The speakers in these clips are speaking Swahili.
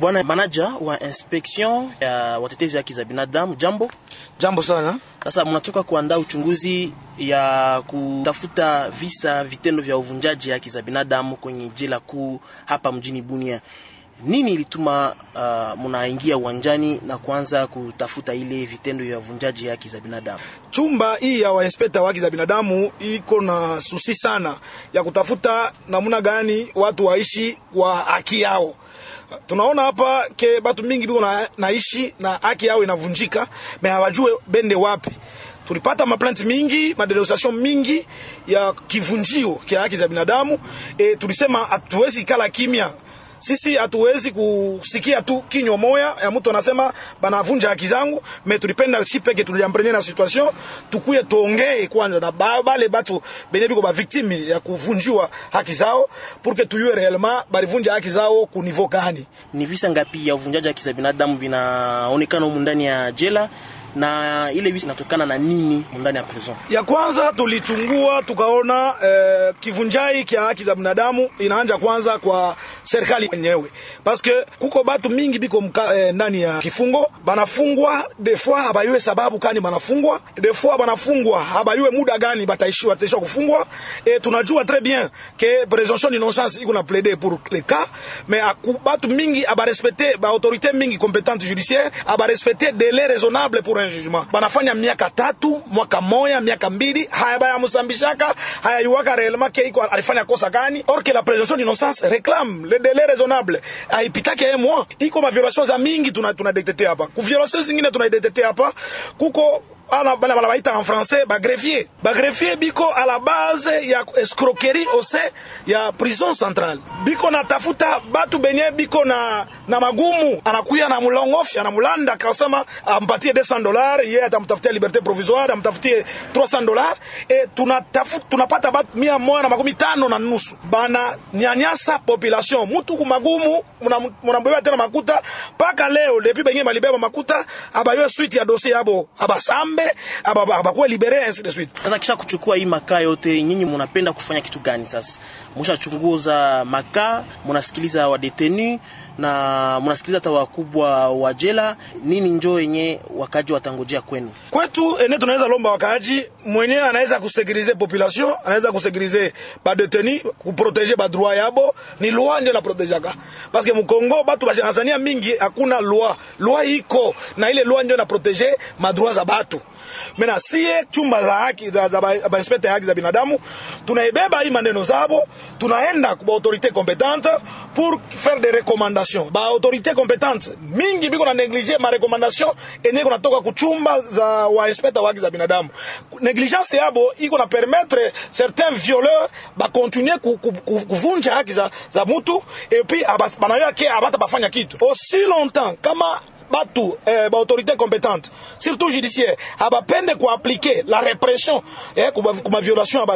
Bwana manager wa inspection ya watetezi haki za binadamu, jambo jambo sana. Sasa mnatoka kuandaa uchunguzi ya kutafuta visa vitendo vya uvunjaji haki za binadamu kwenye jela kuu hapa mjini Bunia. Nini ilituma uh, mnaingia uwanjani na kuanza kutafuta ile vitendo vya vunjaji ya haki za binadamu? Chumba hii ya wainspekta wa haki za binadamu iko na susi sana ya kutafuta namna gani watu waishi kwa haki yao. Tunaona hapa ke batu mingi biko na, naishi na haki yao inavunjika, me hawajue bende wapi tulipata maplanti mingi madenosation mingi ya kivunjio kia haki za binadamu. E, tulisema hatuwezi kala kimya sisi hatuwezi kusikia tu kinywa moya ya mtu anasema banavunja haki zangu, me tulipenda si peke tuliamprene na situation, tukuye tuongee kwanza na bale batu benye biko ba victime ya kuvunjiwa haki zao pour que tuyue réellement barivunja haki zao ku niveau gani. Ni visa ngapi ya uvunjaji haki za binadamu vinaonekana humu ndani ya jela? na ile visa inatokana na nini ndani ya prison? Ya kwanza tulichungua tukaona, eh, kivunjai kia haki za binadamu inaanza kwanza kwa serikali yenyewe, paske kuko batu mingi biko mka, eh, ndani ya kifungo banafungwa defoi habayue sababu kani banafungwa defoi banafungwa habayue muda gani bataishiwa bataishiwa kufungwa. E, tunajua tres bien ke presumption d'innocence iko na plaide pour le cas me aku, batu mingi abarespecte baautorité mingi competente judiciaire abarespecte dele raisonnable pour un jugement banafanya miaka tatu mwaka moya miaka mbili hayabayamsambishaka hayayuwaka reelema ke iko alifanya kosa gani or que la presumption d'innocence réclame le dele raisonnable aipitake un mois. Iko maviolation za mingi tunadetetea tuna hapa, kuviolation zingine tunadetetea hapa kuko ana ah bana banabaita en français bagreffier bagreffier biko a la base ya escroquerie ose ya prison centrale biko natafuta batu benye biko na, na magumu anakuya na mulongofya na mulanda kasema ampatie 200 dollars yeye atamtafutia liberté provisoire amtafutie 300 dollars e tunatafuta tunapata batu mia na makumi tano na nusu bana nyanyasa population mutu kumagumu munambeba tena makuta mpaka leo lepi benye balibeba makuta abayo suite ya dossier yabo abasambe pombe abakuwa libere ainsi de suite. Sasa kisha kuchukua hii makaa yote, nyinyi mnapenda kufanya kitu gani? Sasa mshachunguza makaa, mnasikiliza wadeteni na mnasikiliza hata wakubwa wa jela, nini njo yenye wakaji watangojea kwenu? Kwetu ene tunaweza lomba wakaji mwenyewe anaweza kusekirize population, anaweza kusekirize badeteni, kuproteje badroit yabo, ni loi ndio naprotejaka paske mkongo batu bashangasania mingi, hakuna loi. Loi iko na ile loi ndio na naproteje madroit za batu Mena sie chumba za haki za, za, za inspector ya haki za binadamu tunaibeba hii maneno zabo, tunaenda kwa autorite competente pour faire des recommandations. Ba autorite competente mingi biko na neglige ma recommandation enye kuna toka kuchumba za wa inspector wa haki za binadamu. Negligence yabo iko na permettre certains violeurs ba continuer ku, ku, ku, kuvunja haki za, za mutu et puis abas, banayoa ke abata bafanya kitu aussi oh, longtemps kama batu eh, compétente surtout judiciaire abapende appliquer la répression répression eh, violation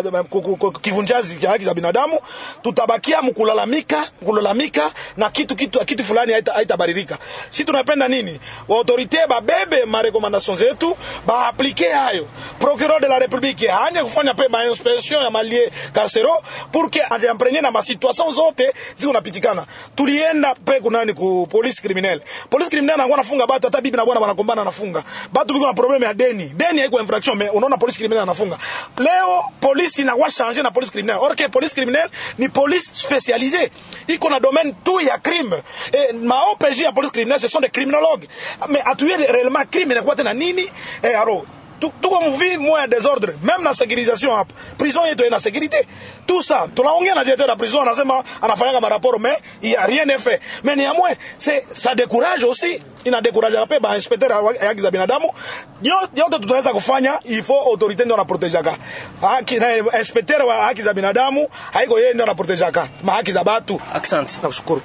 kivunjazi ya haki za binadamu, tutabakia mkulalamika mkulalamika na kitu, kitu, kitu fulani haitabaririka. Si tunapenda nini? autorité babebe recommandation zetu à hayo. Procureur de la République a kufanya pe inspection ya malie carcéro pour que dans na situation zote zi napitikana. Tulienda pe kunani ku police criminelle, police criminelle n'a anafunga batu, hata bibi na bwana wanagombana, anafunga batu liko na problem ya deni. Deni haiko infraction, mais unaona polisi criminel anafunga. Leo polisi inakuwa changer na polisi criminel, or que polisi criminel ni polisi spécialisée, iko na domaine tout ya crime. Et ma OPJ ya polisi criminel ce sont des criminologues, mais atuye réellement crime inakuwa tena nini eh, alors tuko mvi moya e desordre, meme na securisation hapa, prison yetu ina e securite tout ça. Tunaongea na directeur la prison, anasema anafanyaka maraporo mais il y a rien n'est fait. Mais néanmoins c'est ça décourage aussi, ina décourage hapa ba inspecteur ya haki za binadamu. Yote tunaweza kufanya, il faut autorité ndio anaprotejaka haki na inspecteur wa haki za binadamu, haiko yeye ndio anaprotejaka mahaki za watu. Asante, nakushukuru.